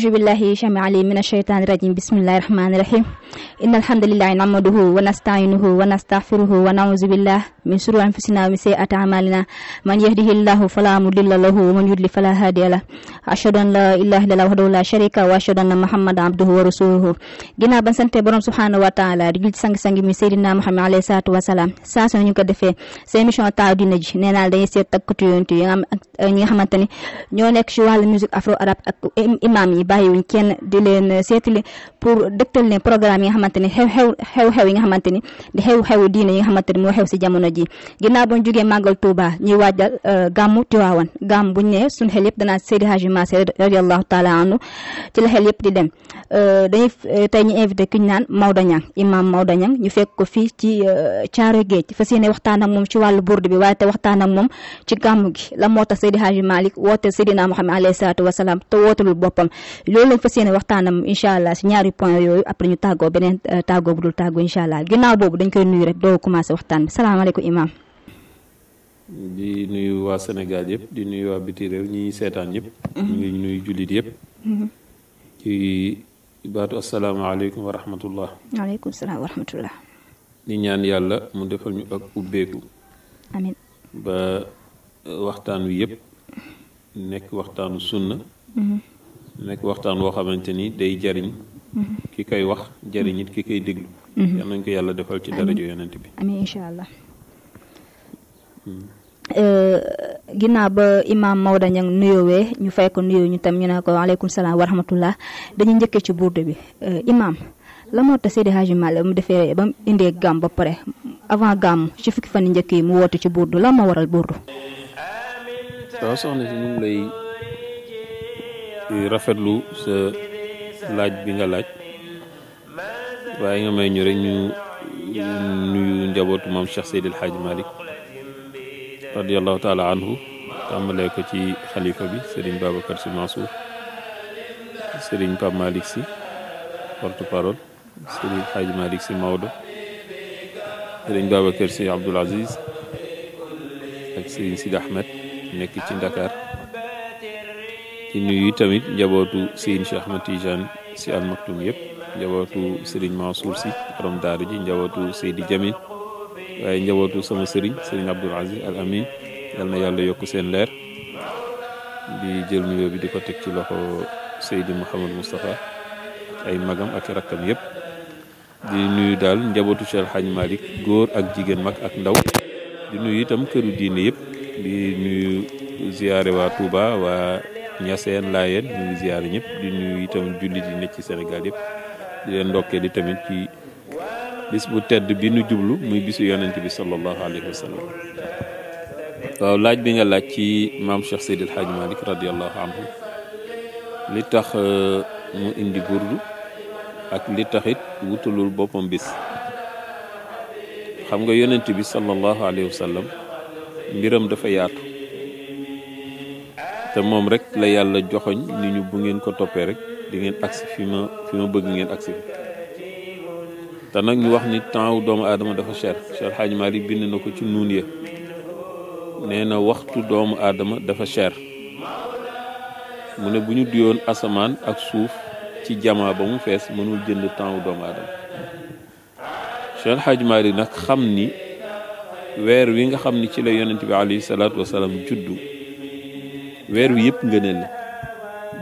أعوذ بالله شامع علي من الشيطان الرجيم بسم الله الرحمن الرحيم إن الحمد لله نعمده ونستعينه ونستغفره ونعوذ بالله من شرور أنفسنا ومن سيئات أعمالنا من يهده الله فلا مضل له ومن يضلل فلا هادي له أشهد أن لا إله إلا الله وحده لا شريك له وأشهد أن محمدا عبده ورسوله ginnaaw ban sant borom subhaanahu wa taala di jul sang sang mi Seydina Muhammad alayhi salaatu wa salaam saa su ñu ko defee seen émission taaw dina ji nee naa dañuy seet takkatu yonent yi nga xam ñi nga xamante ni ñoo nekk ci wàllu musique afro arabe ak imam yi bàyyiwuñ kenn di leen eh, seetali pour dëgtal ne programme yi nga xamante ne xew-xew xew-xew yi nga xamante ni di xew-xew diine yi nga xamante ni moo xew si jamono ji ginnaaw ba ñu jógee màggal Touba ñuy waajal eh, gàmmu Tiwaawan gàmm buñ ne suñ xel yëpp danaa Seydi Hadji Malick radiyallahu taala anhu ci la di dem eh, dañuy tey ñu invité ki ñu naan Maodo Niang imam Maodo Niang ñu fekk ko fii ci Thiaroye Géej fas yéene waxtaan ak moom ci wàllu burdu bi waaye te waxtaan ak moom ci gàmm gi la moo tax Seydi Hadji Malick woote Seydina Muhammad alayhi salaatu wasalaam te wootalul loolu lañ fas yéene waxtaanam incha allah si ñaari point yooyu après ñu tàggoo beneen euh, tàggoo bu dul tàggoo incha allah ginnaaw boobu dañ koy nuyu rek doo commencé waxtaan bi salaamaaleykum imam yëpp di nuyu waa biti réew ñi seetaan yëpp. Mhm. nuyu jullit yëpp. Mhm. ci baatu asalaamaaleykum wa rahmatullah. waaleykum salaam wa rahmatullah. di ñaan mu defal ñu ak ubbeeku. amiin ba waxtaan wi waxtaanu sunna. Mhm. nekk waxtaan woo xamante ni day jariñ ki koy wax jariñ it ki koy déglu mm-hmm. yal ko yàlla defal ci darajo yonent bi amiin incha allah mm. euh, ginnaaw ba imaam Maodo Niang nuyoowee ñu fay ko nuyoo ñu tam ñu ne ko waaleykum salaam wa rahmatullah dañuy njëkkee ci burdu bi euh, imaam la moo tax Seydi Hadji Malick mu defee ba mu indee gàmm ba pare avant gàmm ci fukki fan njëkk yi mu woote ci burdu la moo waral burdu waaw soxna si ñu lay rafetlu sa laaj bi nga laaj waaye nga may ñu rek ñu nuyu njabootu maam Cheikh Seydil Hadj Malick radiallahu taala anhu tàmbalee ko ci xalifa bi sëriñ Babacar Sy Mansour sëriñ Pape Malick Sy porte parole sëriñ Hadj Malick Sy Maodo sëriñ Babacar Sy Abdoul Aziz ak sëriñ Sidi Ahmed nekk ci Ndakaar di nuyu tamit njabootu Serigne Cheikh Ahmed Tidiane Sy Al Maktoum yëpp njabootu Serigne Mansour Sy borom daaru ji njabootu Seydi Jamil waaye njabootu sama sëriñ sëriñ Abdoul Aziz Al Amin yal na yàlla yokk seen leer di jël nuyoo bi di ko teg ci loxo Seydi Mouhamed Moustapha ay magam ak rakkam yëpp di nuyu daal njabootu Cheikh Hadj Malick góor ak jigéen mag ak ndaw di nuyu itam këru diine yëpp di nuyu ziyaare waa Touba waa ñaseen laayeen ñu ngi ziar ñëpp di nuyu itam jullit yi nekk ci senegal yëpp di leen ndokkee di tamit ci bis bu tedd bi nu jublu muy bisu yonent bi sallallahu alayhi wa waaw laaj bi nga laaj ci maam Cheikh Seydi El Hadji Malick radiallahu anhu li tax euh, mu indi burdu ak li taxit wutalul boppam bis xam nga yonent bi sallallahu alayhi wa mbiram dafa yaatu te moom rek la yàlla joxoñ ni ñu bu ngeen ko toppee rek di ngeen agsi fi ma fi ma bëgg ngeen agsi fi te nag ñu wax ni temps doomu aadama dafa cher Cheikh Hadj Malick ko ci nuun ya nee na waxtu doomu aadama dafa cher mu ne bu ñu duyoon asamaan ak suuf ci jamaa ba mu fees mënul jënd temps doomu aadama Cheikh Hadj Malick nag xam ni weer wi nga xam ni ci la yonent bi alayhi salaatu wasalaam juddu weer wi yëpp ngëneel la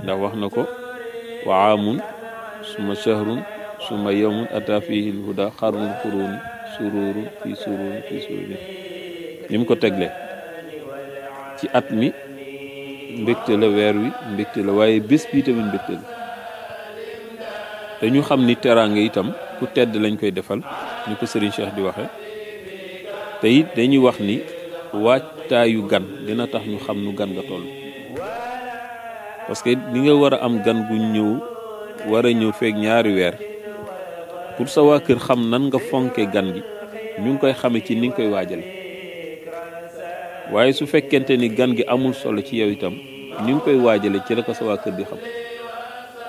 ndax wax na ko wa suma shahrun suma yawmun ata fihi lhuda xarnul quruni sururu fi sururu fi sururu ni mu ko tegle ci at mi mbégte la weer wi mbégte la waaye bés bi tamit mbégte la te ñu xam ni teraanga itam ku tedd lañ koy defal ñu ko Serigne Cheikh di waxe te it dañuy wax ni waajtaayu gan dina tax ñu xam nu gan nga toll parce que li nga war a am gan gu ñëw war a ñëw feeg ñaari weer pour sa waa kër xam nan nga fonke gan gi ñu ngi koy xame ci ni nga koy waajale waaye su fekkente ni gan gi amul solo ci yow itam ni nga koy waajale ci la ko sa waa kër di xam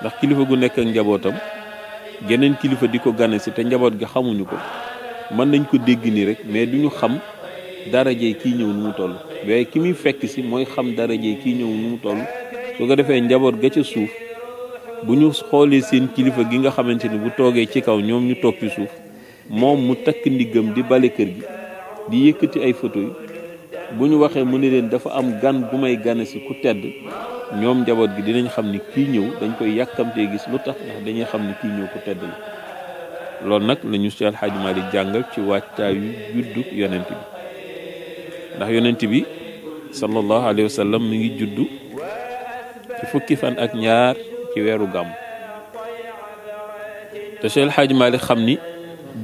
ndax kilifa gu nekk ak njabootam geneen kilifa di ko gane si te njaboot gi xamuñu ko mën nañ ko dégg nii rek mais duñu xam daraje kii ñëw nu mu toll waaye ki muy fekk si mooy xam daraje kii ñëw nu mu toll su ko defee njaboot ga ca suuf bu ñu xoolee seen kilifa gi nga xamante ni bu toogee ci kaw ñoom ñu toog ci suuf moom mu takk ndiggam di bale kër gi di yëkkati ay photo yi bu ñu waxee mu ne leen dafa am gan bu may gane si ku tedd ñoom njaboot gi dinañ xam ni kii ñëw dañ koy yàkkamtee gis lu tax ndax dañuy xam ni kii ñëw ku tedd la loolu nag lañu ñu si Alxaaji Maalik jàngal ci waajtaayu juddu yonent bi ndax yonent bi sallallahu alayhi wa mu ngi juddu ci fan ak ñaar ci weeru gàmm te Cheikh El xam ni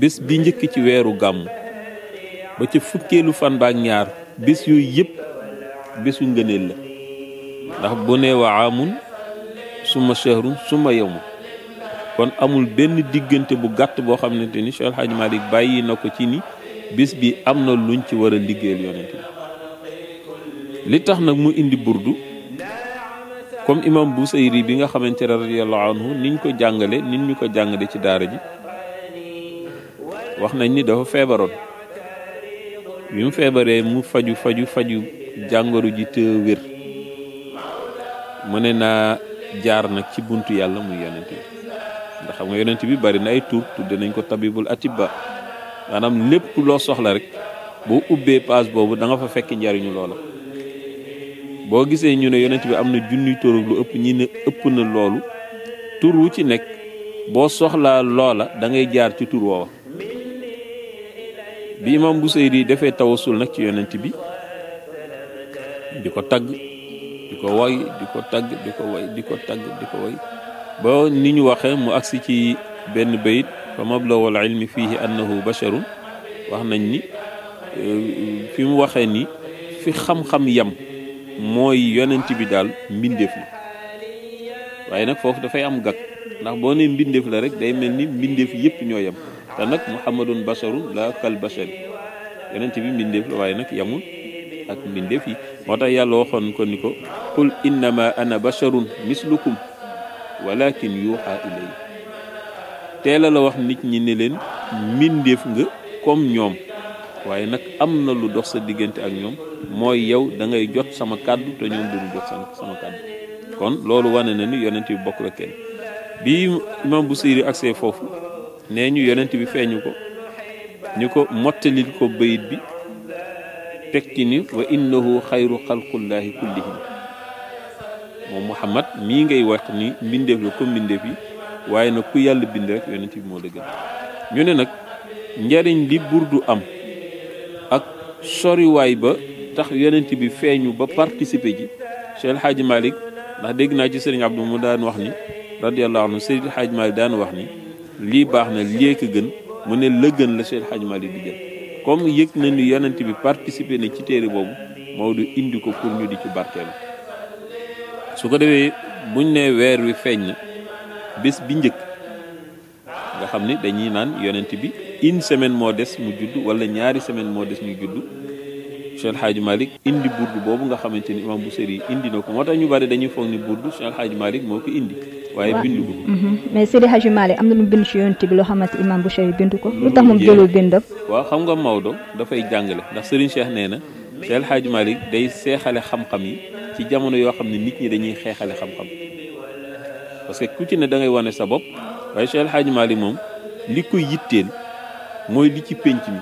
bés bi njëkk ci weeru gàmm ba ci fukkeelu fan ba ak ñaar bis yooyu yëpp bisu ngëneel la ndax bu ne wa suma shahrun suma yawmun kon amul benn diggante bu gàtt boo xam ne ni Cheikh El bàyyi na ko ci ni bés bi am na luñ ci wara a liggéeyal yonent bi li tax nag mu indi burdu comme imam Busayri bi nga xamante ne radiyallahu anhu niñ ko jàngale nit ñu ko jàngale ci daara ji wax nañ ni dafa feebaroon bi mu feebaree mu faju faju faju jàngoro ji te wér mu ne naa jaar nag ci bunt yàlla muy yonent bi ndax xam nga yonent bi bari na ay tur tudde nañ ko tabibul atibba maanaam lépp loo soxla rek boo ubbee paas boobu danga fa fekk njariñu loola boo gisee ñu ne yonent bi am na junni tur ëpp ñi ne ëpp na loolu tur wu ci nekk boo soxlaa loola dangay jaar ci tur woowa bi imam Busayri defee tawasul nag ci yonent bi di ko tagg di ko woy di ko tagg di ko woy di ko tagg di ko ni ñu waxee mu agsi ci benn bayit fa mablawul ilmi fiihi annahu basharun wax nañ ni euh, fi mu waxee ni fi xam-xam yam mooy yonent bi daal mbindeef la waaye nag foofu dafay am gàkk ndax boo nee mbindeef la rek day mel ni mbindeef yëpp ñoo yem te nag muhammadun basharun la kal bashari yonent bi mbindeef la waaye nag yamul ak mbindeef yi moo tax yàlla waxoon ko ni ko qul innama ana basharun mislukum walakin yuuxa ilay teela la wax nit ñi ne leen mbindeef nga comme ñoom waaye nag am na lu dox sa diggante ak ñoom mooy yow dangay jot sama kàddu te ñoom duñu jot sama kàddu kon loolu wane na ni yonent bi bokk la kenn bi imam Busiri agsee foofu nee ñu yonent bi feeñu ko ñu ko mottalil ko bayit bi tekki ni wa innahu xayru xalqullaahi kullihim moom Muhammad mii ngay wax ni mbindeef la comme mbindeef yi waaye nag ku yàlla bind rek yonent bi moo la gën ñu ne nag njariñ li burdu am soriwaay ba tax yonent bi feeñu ba participer ji Cheikh El Hadj Malick ndax dégg naa ci Serigne Abdou mu daan wax ni radiyallahu anhu Serigne El Hadj Malick daan wax ni lii baax na lii ko gën mu ne la gën la Cheikh El Hadj Malick di jël comme yëg na ni yonent bi participer na ci téere boobu Maodo indi ko pour ñu di ci barkeelu su ko defee buñ ne weer wi feeñ na bés bi njëkk nga xam ni dañuy naan yonent bi indi semaine moo des mu judd wala ñaari semaine moo des ñu judd Cheikh El Hadj indi burdu boobu nga xamante ni imam Busiri indi na ko moo tax ñu bari dañuy foog ni burdu Cheikh moo ko indi. waaye bindu ko. Mhm. mais am na lu bind ci yonent bi loo xamante imam ko. lu tax moom jëlul bindam. waaw xam nga Maodo dafay jàngale ndax Serigne Cheikh nee na Cheikh El Hadj day seexale xam-xam yi ci jamono yoo xam ne nit ñi dañuy xeexale xam-xam parce que ku ci ne da wane sa bopp waaye Cheikh El Hadj Malick moom li ko yitteel. mooy li ci pénc mi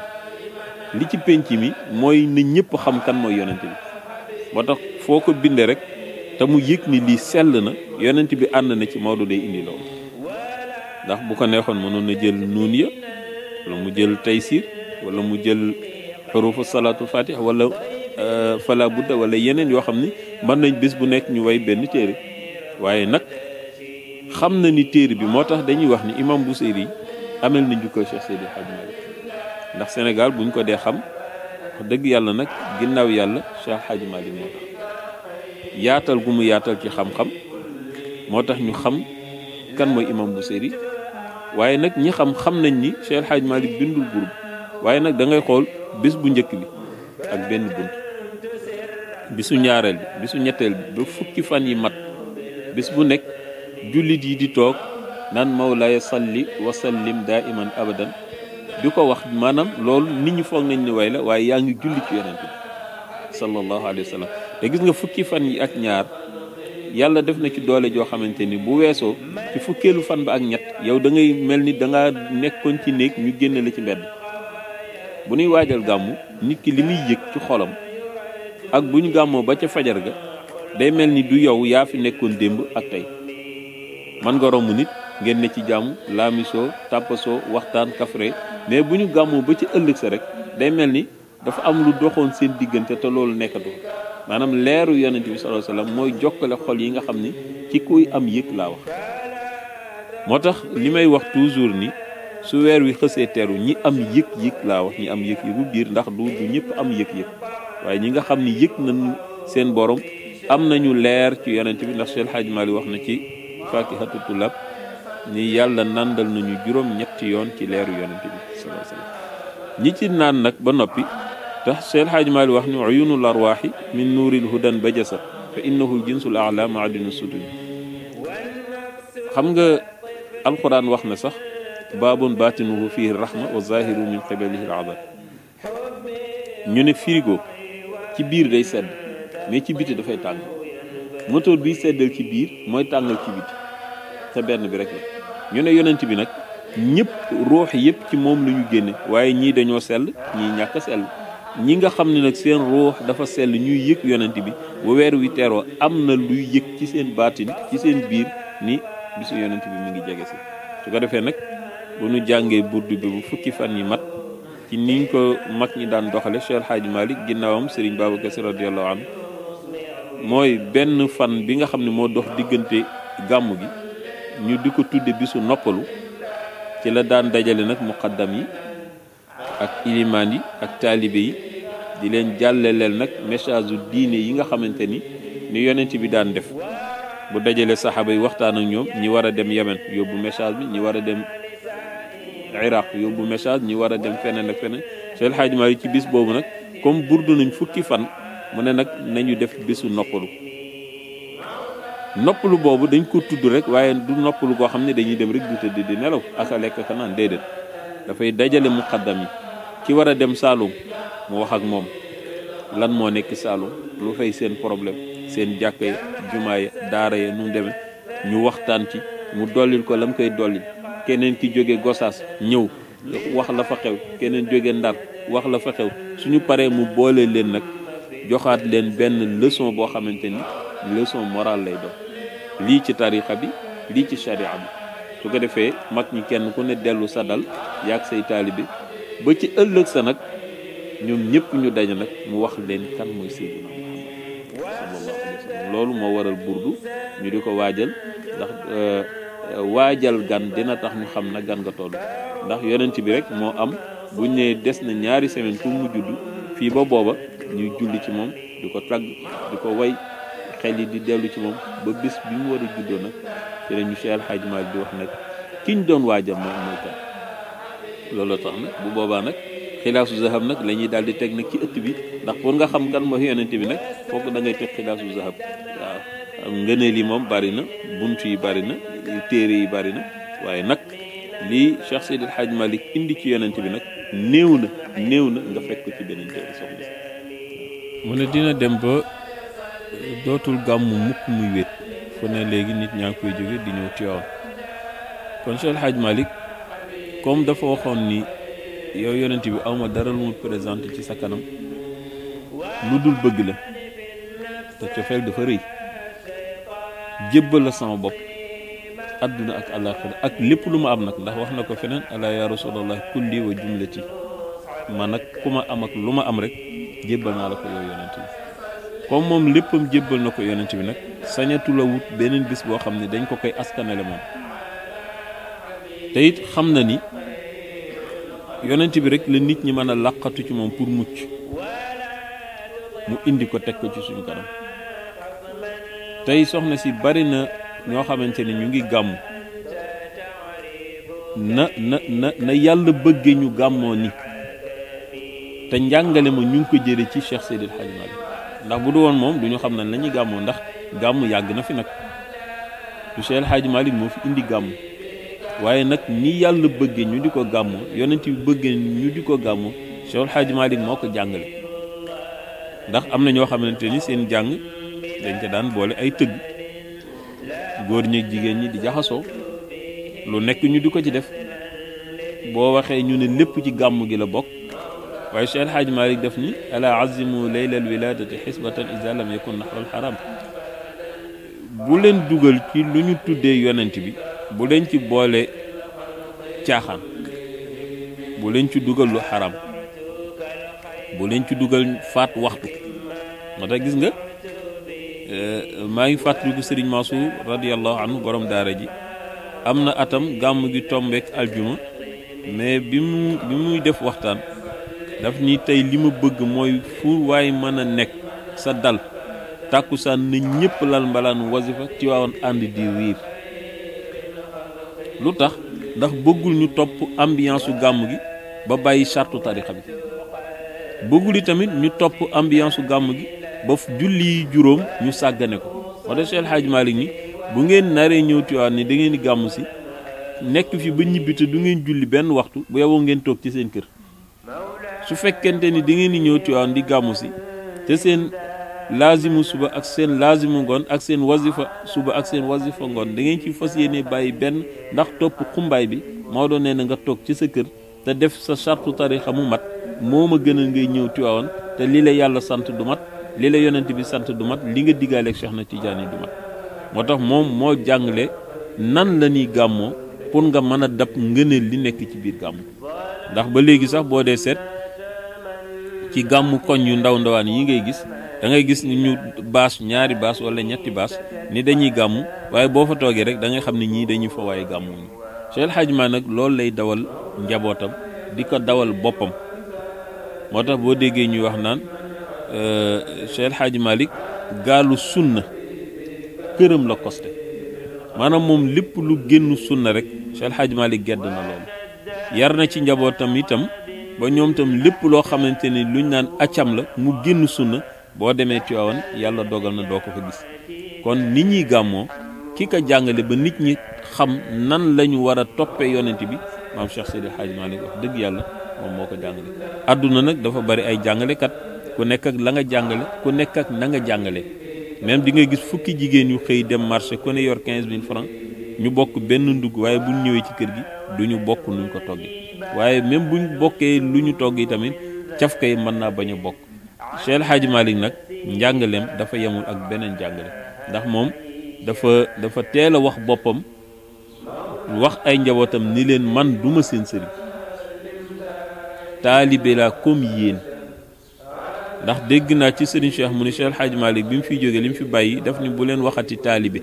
li ci pénc mi mooy na ñëpp xam kan mooy yonent bi moo tax foo ko bindee rek te mu yëg ni lii sell na yonent bi ànd na ci Maodo day indi loolu ndax bu ko neexoon mënoon na jël nuun ya wala mu jël taysir wala mu jël xurufu salaatu fatih wala euh, fala budda wala yeneen yoo xam ni mën nañ bés bu nekk ñu way benn téere waaye nag xam na ni téere bi moo tax dañuy wax ni imam Busiri amel na njukkoo Cheikh Seydi Hadji Malick ndax Sénégal buñ ko dee xam wax dëgg yàlla nag ginnaaw yàlla Cheikh Hadji Malick moo tax yaatal gu mu yaatal ci xam-xam moo tax ñu xam kan mooy imam Busiri waaye nag ñi xam xam nañ ni Cheikh Hadji Malick bindul groupe waaye nag dangay xool bés bu njëkk bi ak benn bunt bisu ñaareel bi bisu ñetteel bi ba fukki fan yi mat bés bu nekk jullit yi di toog naan mawlaaya salli wa sallim daa iman abadan di ko wax maanaam loolu nit ñi foog nañ ne way la waaye yaa ngi julli ci yonent bi sallallahu alayhi wa sallam te gis nga fukki fan yi ak ñaar yàlla def na ci doole joo xamante ni bu weesoo ci fukkeelu fan ba ak ñett yow da mel ni danga nekkoon ci néeg ñu génne la ci mbedd bu ñuy waajal gàmmu nit ki li muy yëg ci xolam ak bu ñu gàmmoo ba ca fajar ga day mel ni du yow yaa fi nekkoon démb ak tey man nga romb nit ngeen ne ci jàmm laamisoo tàppasoo waxtaan kafre mais bu ñu gàmmoo ba ci ëllëg sa rek day mel ni dafa am lu doxoon seen diggante te loolu nekkatoo maanaam leeru yonent bi sallallahu alayhi mooy jokkale xol yi nga xam ni ci kuy am yëg laa tax li may wax toujours ni su weer wi xësee teru ñi am yëg-yëg laa wax ñi am yëg-yëgu biir ndax du du ñëpp am yëg-yëg waaye ñi nga xam ni yëg nañu seen borom am nañu leer ci yonent bi ndax seen Hadj Mali wax na ci fakihatu tulab ni yàlla nandal nañu juróom ñett yoon ci leeru yonente bi salaa sallam ñi ci naan nak ba noppi tax seel xaaj maali wax ni uyunul arwaaxi min nuuril hudan ba fa innahu jinsul ala maadinu sudun xam nga alquran wax na sax baabun baatinuhu fihi rahma wa zahiru min qibalihi alazab ñu ne frigo ci biir day sedd mais ci biti dafay tàng moteur biy seddal ci biir mooy tàngal ci biti te benn bi rek la ñu ne yonent bi nag ñëpp ruux yëpp ci moom la ñu génne waaye ñii dañoo sell ñii ñàkk sell ñi nga xam ne nag seen ruux dafa sell ñuy yëg yonent bi bu weer wi teroo am na luy yëg ci seen baatin ci seen biir ni bisu yonent bi mu ngi jege si su ko defee nag bu ñu jàngee burdu bi bu fukki fan yi mat ci niñ ko mag ñi daan doxale Cheikh El Hadj Malick ginnaawam Serigne Babacar Sy radiyallahu anhu mooy benn fan bi nga xam ne moo dox diggante gàmm gi ñu di ko tudde bisu noppalu ci la daan dajale nag muqaddam yi ak ilimaan yi ak taalibe yi di leen jàllaleel nag message yu diine yi nga xamante ni ni yonent bi daan def bu dajale saxaaba yi waxtaan ak ñoom ñi war a dem Yemen yóbbu message bi ñi war a dem Iraq yóbbu message ñi war a dem feneen ak feneen Seex El yi ci bis boobu nag comme burdu nañu fukki fan mu ne nag nañu def bisu noppalu noppalu boobu dañ ko tudd rek waaye du noppalu koo xam ne dañuy dem rek di tëdd di nelaw ak a lekk ka naan déedéet dafay dajale muqaddam yi ci war a dem Saalum mu wax ak moom lan moo nekk Saalum lu fay seen problème seen jàkka ya jumaa ya daara ya nu demee ñu waxtaan ci mu dollil ko lam koy dolli keneen ki jóge Gosaas ñëw wax la fa xew keneen jóge Ndar wax la fa xew suñu paree mu boole leen nag joxaat leen benn leçon boo xamante ni leçon morale lay doon lii ci tarixa bi lii ci sharia bi su ko defee mag ñi kenn ku ne dellu sa dal yaag say taalibe ba ci ëllëg sa nag ñoom ñëpp ñu daje nag mu wax leen kan mooy Seydina Muhammad sallallahu loolu moo waral burdu ñu di ko waajal ndax euh, euh, waajal gan dina tax ñu xam na gan nga toll ndax yonent bi rek moo am buñ ne des na ñaari semaine pour mu judd fii ba booba ñuy julli ci moom di ko tagg di ko way xel yi di dellu ci moom ba bis bi mu war a juddoo nag ci la ñu Cheikh Alxaaj Maalik di wax nag ki doon waajal moom mooy kan looloo tax nag bu boobaa nag xilaasu zahab nag la ñuy di teg nag ci ëtt bi ndax pour nga xam kan mooy yonent bi nag foog da ngay teg xilaasu zahab waaw ngëneel yi moom bari na bunt yi bari na téere yi bari na waaye nag lii Cheikh Seydi Alxaaj Maalik indi ci yonent bi nag néew na néew na nga fekk ko ci beneen téere soxna mu ne dina dem ba dootul gàmmu mukk muy wét fu ne léegi nit ñaa ngi koy jóge di ñëw Tiwaawan kon Cheikh xaaj malik kom dafa waxoon ni yow yonent bi awma dara lu mu présenté ci sa kanam lu dul bëgg la te cofeel dafa rëy jébbal la sama bopp àdduna ak àllaaxira ak lépp lu ma am nag ndax wax na ko feneen alaa yaa rasulallah kulli wa jumlati man nag ku ma am ak lu ma am rek jébbal naa la ko yow yonent bi comme moom léppam jébbal na ko yonent bi nag sañatu la wut beneen bis boo xam ne dañ ko koy askanale moom te it xam na ni yonent bi rek la nit ñi mën a làqatu ci moom pour mucc mu indi ko teg ko ci suñu kanam tey soxna si bari na ñoo xamante ne ñu ngi gàmmu na na na yàlla bëgge ñu gàmmoo ni te njàngale ma ñu ngi ko jële ci Cheikh Seydil Hadji Malick ndax bu du woon moom du ñu xam nañ la ñuy gàmmoo ndax gàmm yàgg na fi nag du Cheikh El Hadj moo fi indi gàmm waaye nag ni yàlla bëggee ñu di ko gàmmoo yonent bi bëggee ñu di ko gàmmoo Cheikh El Hadj moo ko jàngale ndax am na ñoo xamante ni seen jàng dañ ko daan boole ay tëgg góor ñi jigéen ñi di jaxasoo lu nekk ñu di ko ci def boo waxee ñu ne lépp ci gàmm gi la bokk waaye Cheikh El Hadj Malick def ni ala azimu laylal wiladati xisbatan isa lam yakun naxral xaram bu leen dugal ci lu ñu tuddee yonent bi bu leen ci boole caaxaan bu leen ci dugal lu xaram bu leen ci dugal faat waxtu moo tax gis nga maa ngi fàttaliku Serigne Mansour radiyallahu anhu borom daara ji am na atam gàmm gi tombeek aljuma mais bi mu bi muy def waxtaan daf ni tey li ma bëgg mooy fu waaye mën a nekk sa dal tàkkusaan na ñëpp lal mbalaan wasifa ci waawoon ànd di riir lu tax ndax bëggul ñu topp ambiance u gàmm gi ba bàyyi sartu tarixa bi bëggul tamit ñu topp ambiance u gàmm gi ba julli yi juróom ñu sàggane ko moo tax Seex Alxaaj ni bu ngeen naree ñëw Tiwaawan ni da ngeen di gàmm si nekk fi ba ñibbi te du ngeen julli benn waxtu bu yeboo ngeen toog ci seen kër su fekkente ni di ngeen di ñëw Tiwaawan di gàmmu si te seen laazimu suba ak seen laazimu ngoon ak seen wazifa suba ak seen wazifa ngoon da ngeen ci fas yéene bàyyi benn ndax topp xumbaay bi doon nee na nga toog ci sa kër te def sa sartu tarixa mu mat moo ma gënal ngay ñëw Tiwaawan te li la yàlla sant du mat li la yonent bi sant du mat li nga diggaaleeg Cheikh na Tidiane du mat moo tax moom moo jàngale nan la ñuy gàmmoo pour nga mën a dab ngëneel li nekk ci biir gàmm ci gàmmu koñ yu ndaw ndawaan yi ngay gis da ngay gis ni ñu baas ñaari baas walla ñetti baas ni dañuy gàmmu waaye boo fa toogee rek da ngay xam ne ñii dañuy fa waaye gàmmuñu Cheikh El Hadj Malick nag loolu lay dawal njabootam di ko dawal boppam moo boo déggee ñuy wax naan euh, Cheikh El Hadj Malick gaalu sunna këram la koste maanaam moom lépp lu génn sunna rek Cheikh xaj Hadj Malick gedd na loolu yar na ci njabootam itam ba ñoom itam lépp loo xamante ni luñ naan accam la mu génn sunna boo demee Tiwaawan yàlla dogal na doo ko ko gis kon nit ñuy gàmmoo ki ko jàngale ba nit ñi xam nan lañu ñu war a toppee yonent bi maam Cheikh Seydi Hadji Malick wax dëgg yàlla moom moo ko jàngale. àdduna nag dafa bari ay jàngalekat ku nekk ak la nga jàngale ku nekk ak na nga jàngale même di nga gis fukki jigéen yu xëy dem marché ku ne yor 15000 francs ñu bokk benn ndugg waaye bu ñëwee ci kër gi du ñu bokk nuñ ko toggee. waaye même buñ bokkee lu ñu togg yi tamit cafka yi mën naa bañ a bokk Cheikh El Hadj nag njàngaleem dafa yemul ak beneen njàngale ndax moom dafa dafa teel a wax boppam wax ay njabootam ni leen man duma seen sëriñ taalibe laa comme yéen ndax dégg naa ci sëriñ Cheikh mu ne Cheikh El bi mu fiy jógee li mu fi bàyyi daf ni bu leen waxati taalibe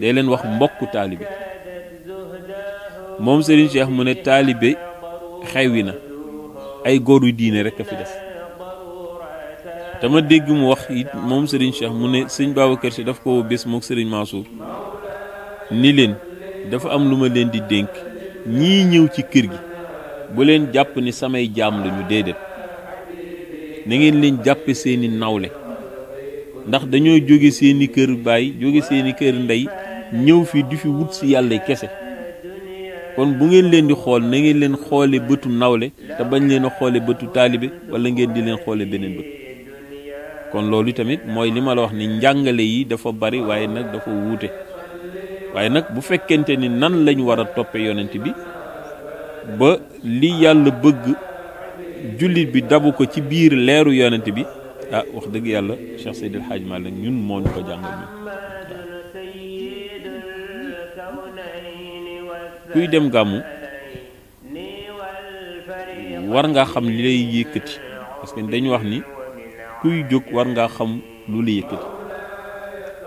dee leen wax mbokku taalibe moom Serigne Cheikh mu ne taalibe xewwi na ay góoru diine rek a fi des dama dégg mu wax it moom Serigne Cheikh mu ne sëñ Babacar Sy daf ko bés mook Serigne Mansour ni leen dafa am lu ma leen di dénk ñii ñëw ci kër gi bu leen jàpp ni samay jaam lañu déedéet na ngeen leen jàppe seeni nawle ndax dañoo jóge seeni kër baay jóge seeni kër ndey ñëw fi di fi wut si yàlla kese kon bu ngeen leen di xool na ngeen leen xoole bëtu nawle te bañ leen a xoole bëtu taalibe wala ngeen di leen xoole beneen bët kon loolu tamit mooy li ma la wax ni njàngale yi dafa bari waaye nag dafa wuute waaye nag bu fekkente ni nan lañu war a toppe yonent bi ba li yàlla bëgg jullit bi dabu ko ci biir leeru yonent bi ah wax dëgg yàlla Cheikh Seydil Hadj Malick ñun moo ko jàngal ñun kuy dem gàmmu war ngaa xam li lay yëkkati parce que dañu wax ni kuy jóg war ngaa xam lu la yëkkati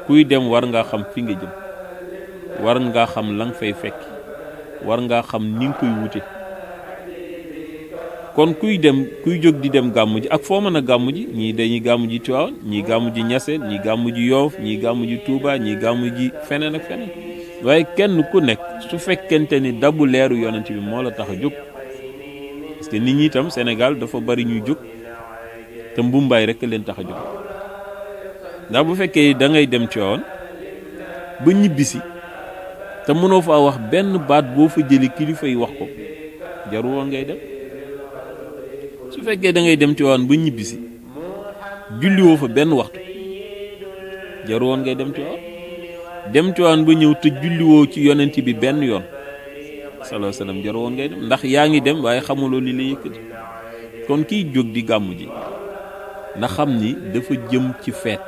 kuy dem war ngaa xam fi nga jëm war ngaa xam la fay fekk war ngaa xam ni nga koy wute kon kuy dem kuy jóg di dem gàmmu ji ak foo mën a gàmmu ji ñii dañuy gàmmu ji Tiwaawan ñii gàmmu ji ñase ñii gàmmu ji Yoof ñii gàmmu ji Tuuba ñii gàmmu ji feneen ak feneen waaye kenn ku nekk su fekkente ni dabu leeru yonent bi moo la tax a jóg parce que nit ñi itam Sénégal dafa bari ñuy jóg te mbumbaay rek leen tax a jóg ndax bu fekkee dangay ngay dem Tiwaawan ba ñibbisi te mënoo faa wax benn baat boo fa jëli kilifa yi wax ko jaru woon ngay dem su fekkee da ngay dem Tiwaawan ba ñibbisi julliwoo fa benn waxtu jaru woon ngay dem Tiwaawan dem Tiwaawan ba ñëw te julliwoo ci yonent bi benn yoon salaa salaam jar ndax yaa ngi dem waaye xamuloo li la yëkkati kon kiy jóg di gàmmu ji na xam ni dafa jëm ci feet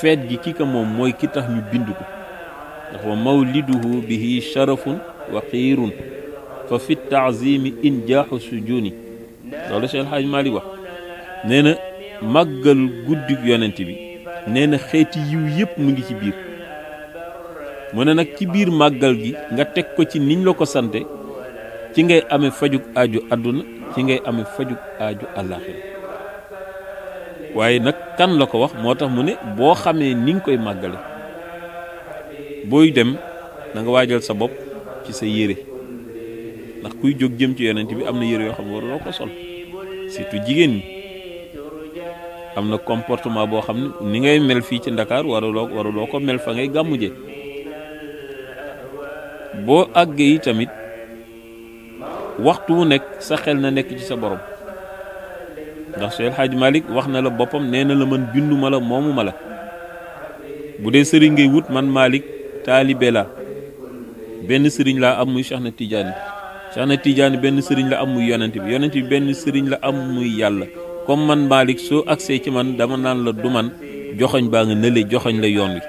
feet gi ki ko moom mooy ki tax ñu bind ko ndax wa mawliduhu bihi sharafun wa xiirun fa fi taazimi in jaaxu loolu Cheikh El Hadj nee na màggal guddi yonent bi nee na xeeti yiw yépp mu ngi ci biir mu ne nag ci biir màggal gi nga teg ko ci niñ la ko sante ci ngay amee fajug aju àdduna ci ngay ame fajug aju àllaaxira waaye nag kan la ko wax moo tax mu ne boo xamee ni nga koy màggale booy dem danga nga waajal sa bopp ci sa yére ndax kuy jóg jëm ci yonent bi am na yére yoo xam ne waruloo ko sol surtout jigéen ñi am na comportement boo xam ne ni ngay mel fii ci Ndakaar waruloo waruloo ko mel fa ngay gàmmu je boo àggee yi tamit waxtu wu nekk sa xel na nekk ci sa borom ndax Cheikh Hadj Malick wax na la boppam nee na la man binduma la moomu ma la bu dee sëriñ ngay wut man Malick taalibe la benn sëriñ laa am muy Cheikh na Tidiane Cheikh na Tidiane benn sëriñ la am muy yonent bi yonent bi benn sëriñ la am muy yàlla comme man Malick soo agsee ci man dama naan la du man joxoñ baa nga nële joxoñ la yoon wi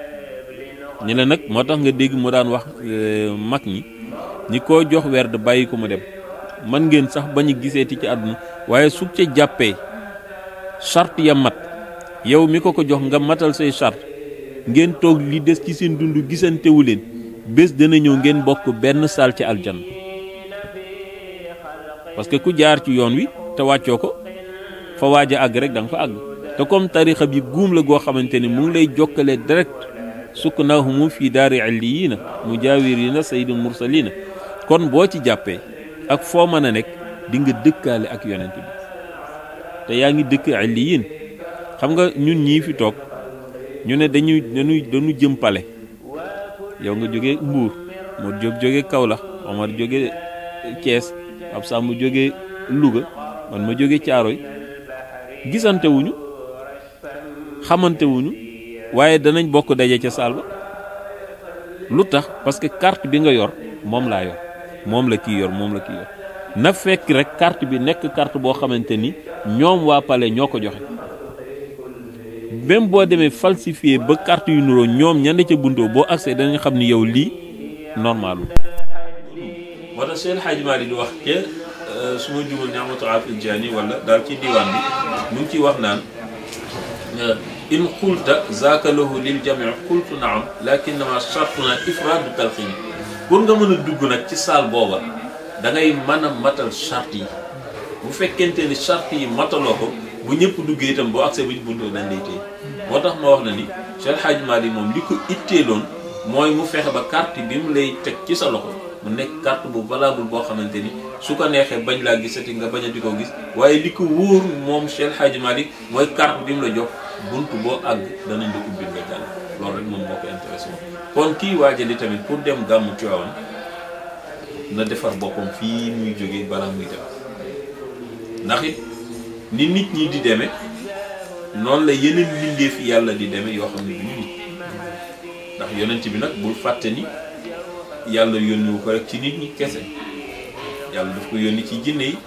ñu la nag moo tax nga dégg mu daan wax euh, mag ñi ñi ko jox werd bàyyi ko mu dem man ngeen sax ba ñu ti ci àdduna waaye su ca jàppee charte ya mat yow mi ko ko jox nga matal say charte ngeen toog li des ci seen dund gisantewu leen bés dina ñëw ngeen bokk benn saal ci aljanna parce ku jaar ci yoon wi te wàccoo ko fa waaj a àgg rek da nga fa àgg te comme tarixa bi guum la goo xamante ni mu ngi lay jokkale direct sukkanaahumu fii daari alliyiina mujaawiriina sayyidul mursaliina kon boo ci jàppee ak foo mën a nekk dinga dëkkaale ak yonent bi te yaa ngi dëkk alliyiin xam nga ñun ñii fi toog ñu ne dañuy dañuy dañu jëm pale yow nga jóge Mbuur Mor Diop jóge Kaolack Omar jóge Thiès ab Samb jóge Louga man ma jóge Caaroy gisante wuñu xamante waaye danañ bokk daje ca saal lu tax parce que carte bi nga yor moom laa yor moom la kii yor moom la kii na fekk rek carte bi nekk carte boo xamante ni ñoom waa palais ñoo ko joxe même boo demee falsifié ba carte yu nuroo ñoom ñande ca buntoo boo accès danañ xam ni yow lii normalul moo seen xaaj Maalik di daal mu ngi ciy wax naan euh, in xulta zaaka lahu lil jamii xultu naam lakinnama chartuna ifraadu talxiin pour nga mën dugg nag ci saal booba dangay ngay mën matal charte yi bu fekkente ni charte yi mataloo ko bu ñëpp duggee itam boo accès bu ñu buntoo dañ moo tax ma wax na ni Cheikh Hadj Mali moom li ko itteeloon mooy mu fexe ba carte bi mu lay teg ci sa loxo mu nekk carte bu valable boo xamante ni su ko neexee bañ laa gisati nga bañ a di ko gis waaye li ko wóor moom Cheikh El Hadj mooy carte bi mu la jox bunt boo àgg danañ la ubbil nga jàll loolu rek moom moo ko intéressé moom kon kii waaja tamit pour dem gàmmu Tiwaawan na defar boppam fii muy jógee balaa muy dem ndax nit ñi di demee noonu la yeneen mbindeef yàlla di demee yoo xam ne du nit ndax yonent bi nag bul fàtte ni yàlla yónniwu ko rek ci nit ñi kese yàlla daf ko yónni ci jinne yi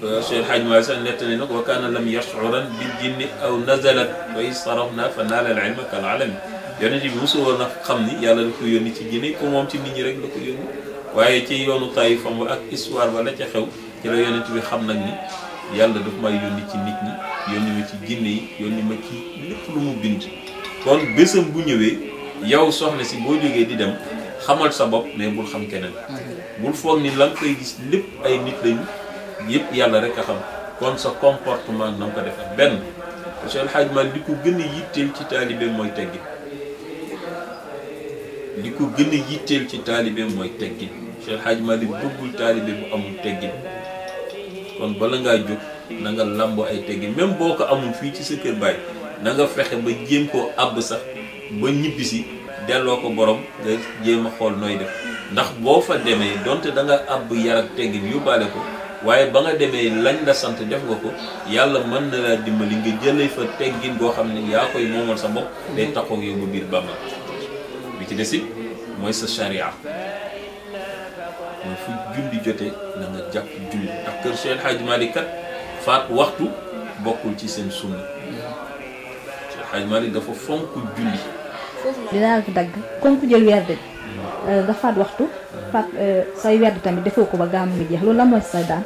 Cheikh Hadj Malick Sy nett na nag wa kaana lam yashuran bi jinni aw nazalat wa istarafna fa naala al ilma kal alami yonent bi mosu woon a xam ni yàlla daf ko yónni ci jinne ko moom ci nit ñi rek la ko yónni waaye ci yoonu taayifam ak histoire ba la ca xew ci la yonent bi xam nag ni yàlla daf may yónni ci nit ñi yónni ma ci jinne yi yónni ma ci lépp lu mu bind kon bésam bu ñëwee yow soxna si boo jógee di dem xamal sa bopp mais bul xam keneen bul foog ni lan nga koy gis lépp ay nit lañu yëpp yàlla rek a xam kon sa comportement na nga ko defee benn Seex El Hadj Malick li ko gën a yitteel ci taalibeem mooy teggin li ko gën a yitteel ci taalibeem mooy teggin Seex El Hadj Malick bëggul bu amul teggin kon bala ngaa jóg na nga làmboo ay teggin même boo ko amul fii ci sa kër baay na fexe ba jéem koo àbb sax ba ñibbisi delloo ko boroom nga jéem xool nooy def. ndax boo fa demee donte danga nga àbb yar teggin yóbbaale ko waaye ba nga demee lañ la sant def nga ko yàlla mën na laa dimbali nga jëlee fa teggin boo xam ne yaa koy moomal sa bopp day taxaw yow ba biir bàmba bi ci des it mooy sa charia mooy fi julli jotee na nga jàpp julli ndax kër Cheikh Hadj Malick kat faat waxtu bokkul ci seen sunna Cheikh Hadj Malick dafa fonk julli. dinaa ko dagg kon ku jël weer de. nga euh, faat waxtu faat euh, say werd tamit defoo ko ba gàmm bi jeex loolu la mooy say daan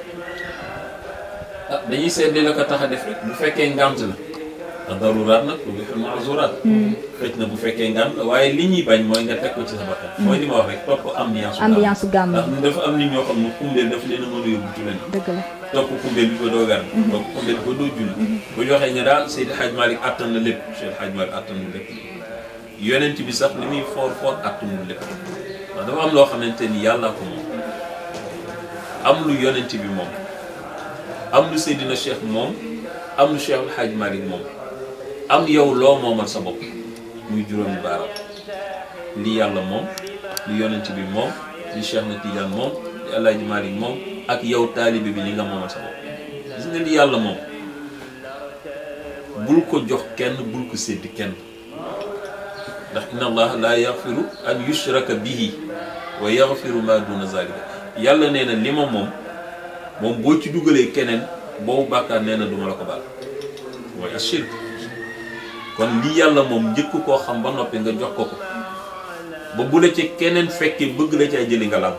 ah, dañuy seet li ko tax a def rek bu fekkee ngant la a ah, daruraat hmm. na bu fekkee ngant la waaye li ñuy bañ mooy nga teg ko ci sa bakkan mooy li ma wax rek topp ambiance ambiance gàmm ndax ah, dafa am ni ñoo xam ne kumbeel daf leen a mën a dëgg la topp kumbeel bi ko doo gar hmm. topp kumbeel bi doo julli hmm. bu ñu waxee ne daal Seydi Hadj Malick attan na lépp Seydi Hadj Malick attan na lépp yonent bi sax li muy for foor attumul lépp ndax dafa am loo xamante ni yàlla ko moom am lu yonent bi moom am lu Seydina Cheikh moom am lu Cheikh El Hadj Malick moom am yow loo moomal sa bopp muy juróomi baaraam li yàlla moom li yonent bi moom li Cheikh na Tijaan moom li El Hadj Malick moom ak yow taalibe bi li nga moomal sa bopp gis nga li yàlla moom bul ko jox kenn bul ko sédd kenn ndax inna allah laa yaxfiru an yushraka bihi wa yaxfiru ma duna zalika yàlla nee na ni ma moom moom boo ci dugalee keneen boobu bàkkaar nee na duma la ko baal mooy ashirk kon li yàlla moom njëkk koo xam ba noppi nga jox ko ko ba bu la ci keneen fekkee bëgg la caa ay jëli nga lam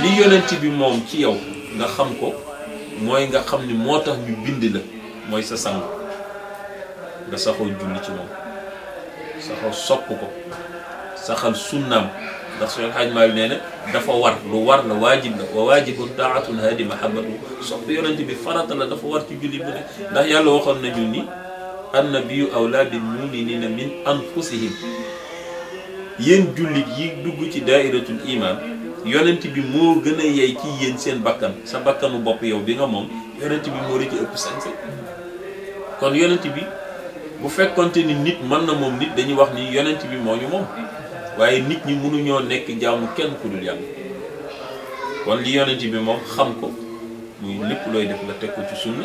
li yonent bi moom ci yow nga xam ko mooy nga xam ni moo tax ñu bind la mooy sa sang nga saxoo julli ci moom saxoo sopp ko saxal sunnaam ndax suñu xaaj maayu nee na dafa war lu war la waajib la wa waajibun taatun hadi mahabatu sopp yonente bi farata la dafa war ci julli bu ne ndax yàlla waxoon nañu ni annabiyu awlaa bil muminina min anfusihim yéen jullit yi dugg ci daairatul iman yonent bi moo gën a yey ci yéen seen bakkan sa bakkanu bopp yow bi nga moom yonent bi moo la ci ëpp sañ-sañ kon yonent bi bu fekkonte ni nit mën na moom nit dañuy wax ni yonent bi moo ñu moom waaye nit ñi mënuñoo nekk jaamu kenn ku dul yàlla kon li yonent bi moom xam ko muy lépp looy def nga teg ko ci sunna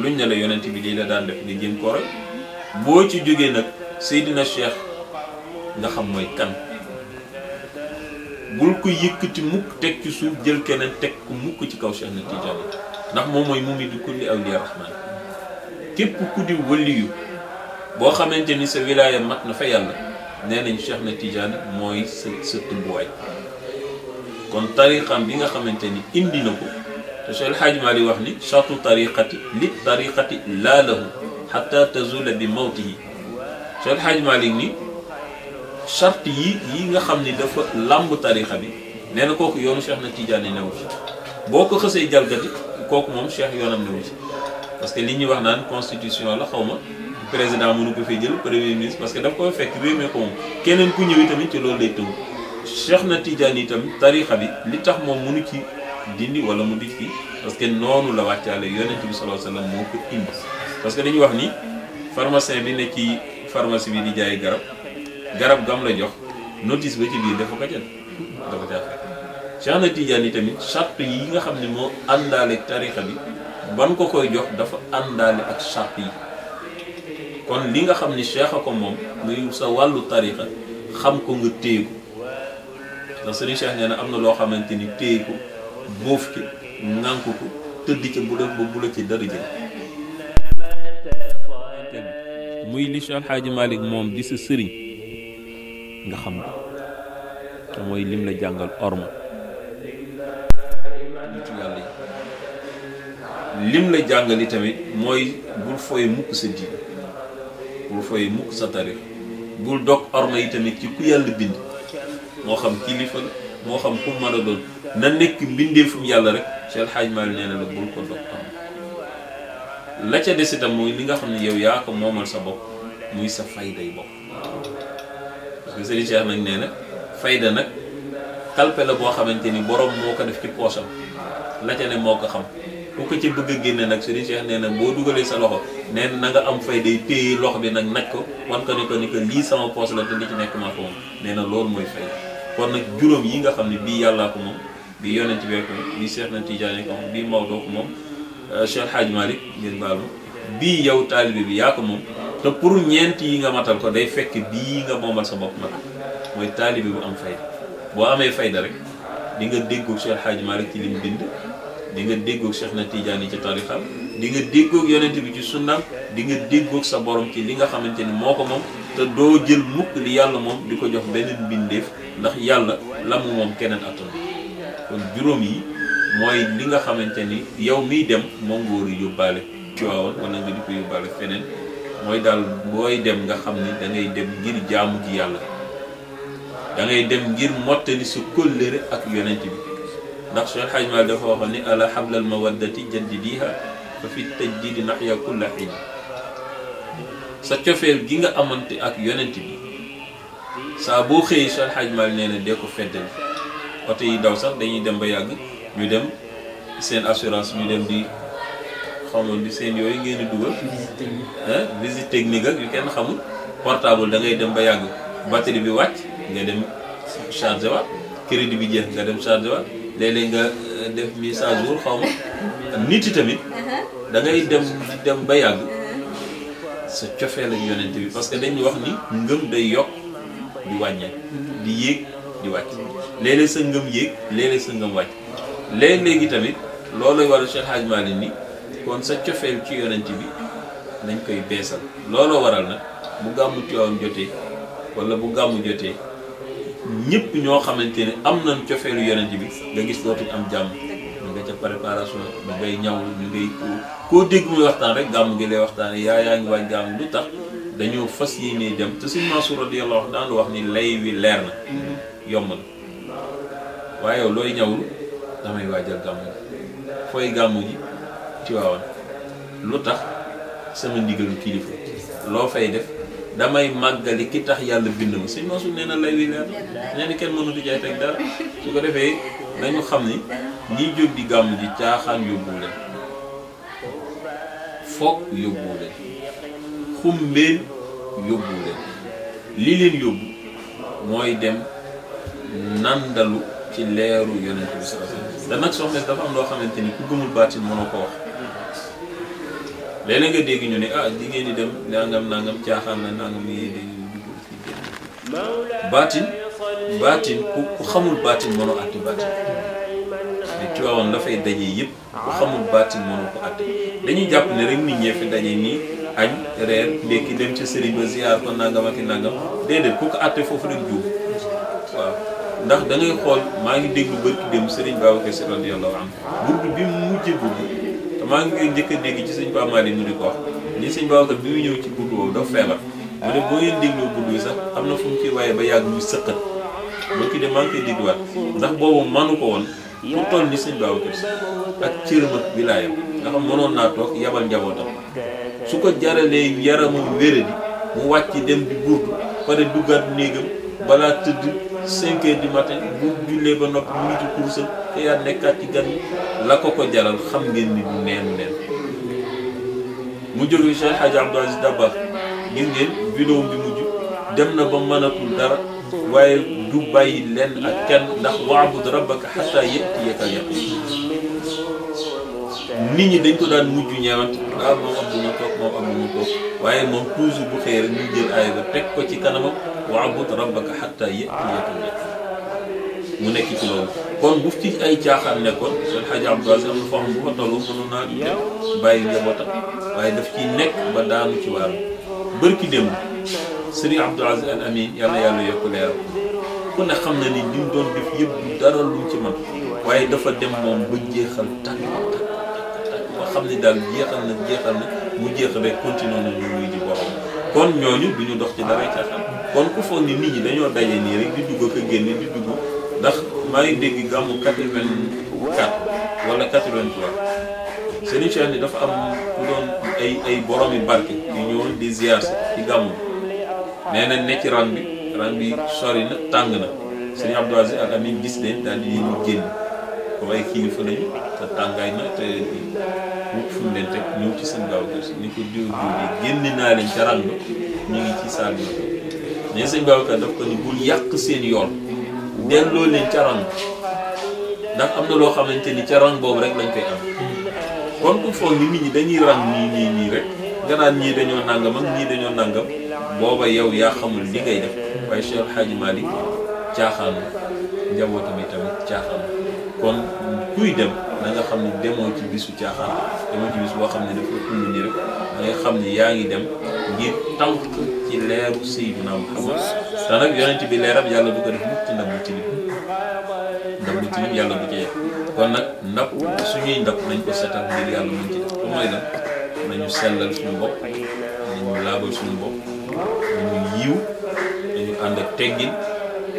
luñ ne la yonent bi lii la daan def nga jéem ko boo ci jógee nag Seydina Cheikh nga xam mooy kan bul ko yëkkati mukk teg ci suuf jël keneen teg ku mukk ci kaw Cheikh na Tidiane ndax moom mooy mu mi di kulli awliya rahmaan képp ku di waliyu bo xamanteni ni sa wilaaya mat na fa yàlla nee Cheikh na Tidiane moy sa sa tëmbuwaay kon tariqam bi nga xamanteni indi na ko te Cheikh El Hadj Mali wax ni shatu tariqati li tariqati la lahu hatta tazula bi mawtihi Cheikh El Hadj Mali ni shart yi yi nga xamni dafa làmb tariqa bi nee na kooku yoonu Cheikh na Tidiane newu boko boo ko xësee jalgati kooku moom Cheikh yoonam newu parce que li ñuy wax naan constitution la xawma président mënu ko fi jël premier ministre parce que daf koy fekk réew mi ko keneen ku ñëw tamit ci loolu lay tëw Cheikh na Tidiane itam tarixa bi li tax moom mënu ci dindi wala mu di ci parce que noonu la wàccaale yonent bi sallallahu alayhi wasallam moo ko indi parce que dañuy wax ni pharmacien bi ne ci pharmacie bi di jaay garab garab gam la jox notice ba ci biir dafa ko jël dafa caa fekk Cheikh na Tidiane tamit charte yi nga xam ne moo àndaale tarixa bi ban ko koy jox dafa àndaale ak charte yi kon li nga xam ni cheikh ko moom muy sa wàllu tarixa xam ko nga téye ko ndax sëriñ cheikh nee am na loo xamante ni téye ko bóof ki nànk ko tëdd ci bu def ba bu ci dara jël muy li Cheikh Alxaaji moom di sa sëriñ nga xam ko te mooy lim la jàngal orma la jàngali tamit mooy bul fay mukk sa tarix bul dog orma yi tamit ci ku yàlla bind moo xam kilifa la moo xam ku mën a doon na nekk mbindeefum yàlla rek Cheikh Hadj Malick nee na la bul ko dog orma la ca des itam mooy li nga xam ne yow yaa ko moomal sa bopp muy sa fayday bopp parce que Serigne nag nee fayda nag kalpe la boo xamante ni borom moo ko def ci poosam la ca ne moo ko xam ku ko ci bëgg a génne nag Serigne Cheikh nee na boo dugalee sa loxo neen na am fay day téye loxo bi nag naj ko wan ko ne ko ni que lii sama poos la te li ci nekk maa moom nee na loolu mooy fay kon nag juróom yi nga xam ne bii yàllaa ko moom bii yonent bee ko moom bii Cheikh na Tidiane ko bii Maodo ko moom euh, Cheikh Hadj Malick ngeen bii yow taalibe bi yaa ko moom te pour ñeent yi nga matal ko day fekk bii nga moomal sa bopp nag mooy taalibe bu am fayda boo amee fayda rek di nga déggu Cheikh Hadj Malick ci li mu bind di nga déggoog Cheikh na Tidiane ci tarixam di nga déggoog yonent bi ci sunnam di nga déggoog sa borom ci li nga xamante ni moo ko moom te doo jël mukk li yàlla moom di ko jox beneen mbindeef ndax yàlla la moom keneen attan kon juróom yi mooy li nga xamante ni yow miy dem moom ngóor yi yóbbaale Tiwaawan wala nga di ko yóbbaale feneen mooy daal booy dem nga xam ni dangay dem ngir jaamu ji yàlla dangay dem ngir mottali si kóllëre ak yonent bi ndax Cheikh Xaj Maalik dafa waxoon ni ala xablal mawaddati jaddidiha fa fi tajdidi naxya kulla xiin sa cofeel gi nga amante ak yonent bi saa boo xëyee Cheikh Xaj Maalik nee na dee ko feddali oto yi daw sax dañuy dem ba yàgg ñu dem seen assurance ñu dem di xamoon di seen yooyu ngeen di dugal visite technique ak yu kenn xamul portable da ngay dem ba yàgg batterie bi wàcc nga dem chargé waat crédit bi jeex nga dem chargé waat léeg-léeg nga euh, def mise saa jour xaw ma nit yi tamit uh-huh. da ngay dem dem ba yàgg sa cofeel ak yonent bi parce que dañuy wax ni ngëm day yokk di wàññe di yéeg di wàcc léeg-léeg sa ngëm yéeg léeg-léeg sa ngëm wàcc léeg-léegi tamit loolooy waral Cheikh Hadj Malick ni kon sa cofeel ci yonent bi nañ koy beesal looloo waral nag bu gàmmu Tiwaawan jotee wala bu gàmmu jotee ñëpp ñoo xamante ni am nañ cofeelu yonent bi nga gis dootuñ am jàmm ñu nga ca préparation ñu ngay ñaw ñu ngay koo dégg muy waxtaan rek gàmm gi lay waxtaan yaa yaa ngi waaj gàmm lu tax dañoo fas yéenee dem te suñ Mansour radiyallahu anhu daan wax ni lay wi leer na yomb na waaye yow looy ñawlu damay waajal gàmm gi fooy gàmm ji ci lu tax sama ndigalu kilifa loo fay def damay màggali ki tax yàlla bind ma sinon su nee na lay wi leer nee na kenn mënut a jaay teg dara su ko defee nañu xam ni ñiy jóg di gàmm ji caaxaan yóbbuwu leen foog xumbeen yóbbuwu leen leen yóbbu mooy dem nandalu ci leeru yonent bi sallallahu alayhi wasallam te soxna dafa am loo xamante ni ku gëmul baatin mënoo ko wax léeg nga dégg ñu ni ah jigéen ñi dem nangam nangam caaxaan na nangam yi baatin baatin ku xamul baatin mënoo àtte baatin dafay daje yëpp ku xamul baatin dañuy jàpp ne rek nit ñee fi daje nii añ reer ndékki dem ca sëriñ ba ziar ko nangam ak i nangam déedéet ku ko àtte foofu rek juum waaw ndax da ngay xool maa ngi déglu barki dem sëriñ Babacar Sy radiyallahu anhu burdu bi mu mujjee burdu maa ngi koy njëkk a dégg ci sëñ Pape Malick mu di ko wax ni sëñ Babacar bi muy ñëw ci bunt boobu dafa feebar mu ne boo ngeen dégloo bunt bi sax am na fu mu ci waaye ba yàgg muy sëqat boo de maa ngi koy dégluwaat ndax boobu manu ko woon lu toll ni sëñ Babacar ak cëram ak wilaayam nga xam mënoon naa toog yabal njabootam su ko jaralee yaramam wéradi mu wàcc dem di bu pare duggaat néegam balaa tëdd cinq heures du matin bu jullee ba noppi mu ngi ci kursam te yaa nekkaat ci gan yi la ko ko jaral xam ngeen ni du neenu neen mu jóge Cheikh Hadji Abdou Aziz Dabakh gis ngeen vidéo bi mujj dem na ba mënatul dara waaye du bàyyi lenn ak kenn ndax waabud rabbaka xataa yatiyaka yaqin nit ñi dañ ko daan mujj ñeewante daal ah, moom Abdou na toog moo waaye moom toujours bu xëyee rek ñu jël aaya teg ko ci kanamam wa'bud rabbaka hatta ya'tiyakal yaqiin mu nekk ci loolu kon bu ci ay caaxaan nekkoon seen xaji Abdoulaye am na foo xam bu fa tollu mënoon waaye daf ciy nekk ba daanu ci waaram bërki démb sëriñ Abdoul Aziz Al Amin yàlla yàlla yokk leeram ku ne xam na ni li mu doon def yëpp dara lu ci man waaye dafa dem moom ba jeexal tànn tànn xam ne daal jeexal na jeexal na mu jeex rek continué nañu wuy ji borom kon ñooñu du ñu dox ci dara caaxaan kon ku foog ni nit ñi dañoo daje nii rek di dugg ak a génn di dugg ndax maa ngi dégg gàmmu 84 wala 83 Serigne Cheikh ni dafa am ku doon ay ay borom yu barke yu ñëwoon di ziar ci gàmmu nee na ne bi rang bi sori tàng na Serigne Abdou Aziz a Amine gis leen daal di génn comme ay kilifa lañu. te tàngaay na te wut fu mu leen teg ci seen gaaw gi ni ko diw diw bi génne naa leen ca rang ñu ngi ci saal bi mais sëñ Babacar daf ko ni bul yàq seen yoon delloo leen ca rang ndax am na loo xamante ni ca boobu rek lañ koy am kon ku foog ñi dañuy rang nii nii rek nga naan ñii dañoo nàngam ak ñii dañoo nàngam booba yow yaa xamul li ngay def waaye Cheikh El Hadj Malick caaxaan njabootam yi tamit caaxaan kon kuy dem da xam ne demoo ci bisu caaxaan demoo ci xam ne dafa tund ni rek da xam ne yaa ngi dem ngir tànk ci leeru Seydina Muhammad te nag yonent bi leeram yàlla du ko def mukk ci ndab lu tilim ndab lu yàlla du ci kon nag ndab suñuy ndab nañ ko setal ngir yàlla mën ci def suñu bopp nañu laabal suñu bopp nañu yiw nañu ànd teggin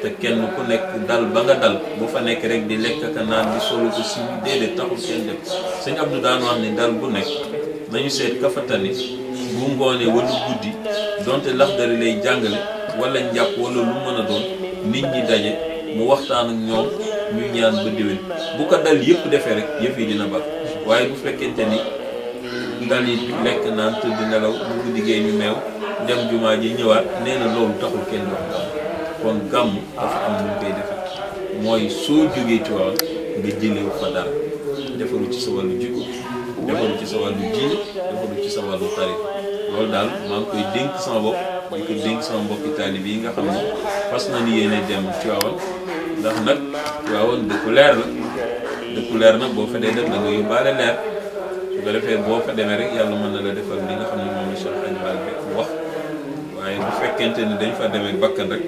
te kenn ku nekk dal ba nga dal bu fa nekk rek di lekk ka naan di solo ko si déedéet taxul kenn def sëñ Abdou daan wax ne dal bu nekk dañu seet ka bu ngoonee wala guddi donte laxdari lay jàngale wala njàpp wala lu mën a doon nit ñi daje mu waxtaan ak ñoom ñu ñaan ba déwén bu ko dal yëpp defee rek yëf yi dina baax waaye bu fekkente ni dal yi lekk naan tëdd nelaw mu ngi liggéey ñu meew dem jumaa ji ñëwaat nee na loolu taxul kenn dox kon gàmmu dafa am lu koy defar mooy soo jógee ci wàll nga jëlee fa dara defaru ci sa wàllu jikko defaru ci sa wàllu diine defaru ci sa wàllu tarix loolu daal maa ngi koy dénk sama bopp di ko dénk sama mbokki taalibe yi nga xam ne fas na ni yéene dem ci wàll ndax nag waawoon dëkku leer la dëkku leer nag boo fa dee dem da yu yóbbaale leer su ko defee boo fa demee rek yàlla mën na la defal li nga xam ne fekkente ni dañ fa démé bakkan rek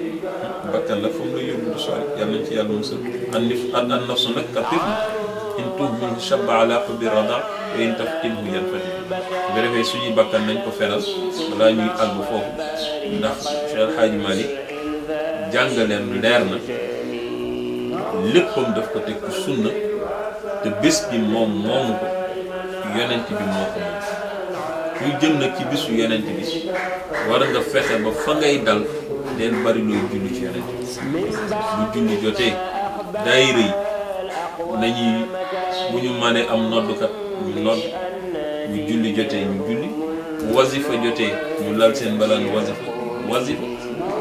bakkan la foofu la yóbbu du sori yàlla ci yàlla mo sul an nif an an nafsu nak ka in tuub minhu shabba ala hubbi rada wa in taftinhu yanfati bi defee suñu bakkan nañ ko feral wala ñuy àgg fofu ndax Cheikh El Hadj Malick jàngaleem leer na léppam daf ko tek ci sunna te bés bi mom mom ko yonent bi moo ko kuy jël nag ci bisu yonent bi war nga fexe ba fa ngay dal deel bari looy julli ci yonent bi bu julli jotee daayira yi nañuy bu ñu mënee am noddukat ñu nodd ñu julli jotee ñu julli wazifa jotee ñu lal seen mbalaan wazifa wazifa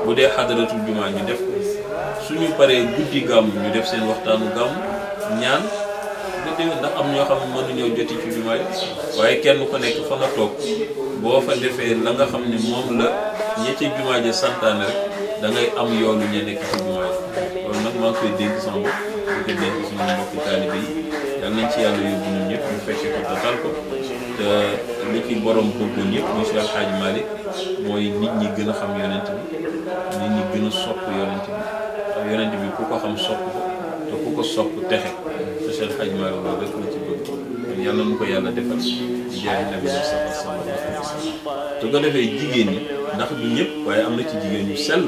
bu dee xadaratul jumaa ñu def ko suñu paree guddi gàmm ñu def seen waxtaanu gàmm ñaan xamante ndax am ñoo xam ne mënuñoo joti ci bi may waaye kenn ko nekk fa nga toog boo fa defee la nga xam ne moom la ñi ci jumaa ja santaane rek da ngay am yoonu ña nekk jumaa ji loolu nag maa ngi koy dénk sama bopp ko dénk ñëpp ñu fekke ko tatal ko te li ci borom bëggoon yëpp muy Cheikh Hadji Malick mooy nit ñi gën a xam yonent bi nit ñi gën a sopp yonent bi ndax yonent bi ku ko xam sopp ko te ku ko sopp texe Cheikh Hadj Malick loolu rek la ci bëgg yàlla na ko yàlla defal di jaay te ko defee jigéen ñi ndax du ñëpp waaye am na ci jigéen ñu sell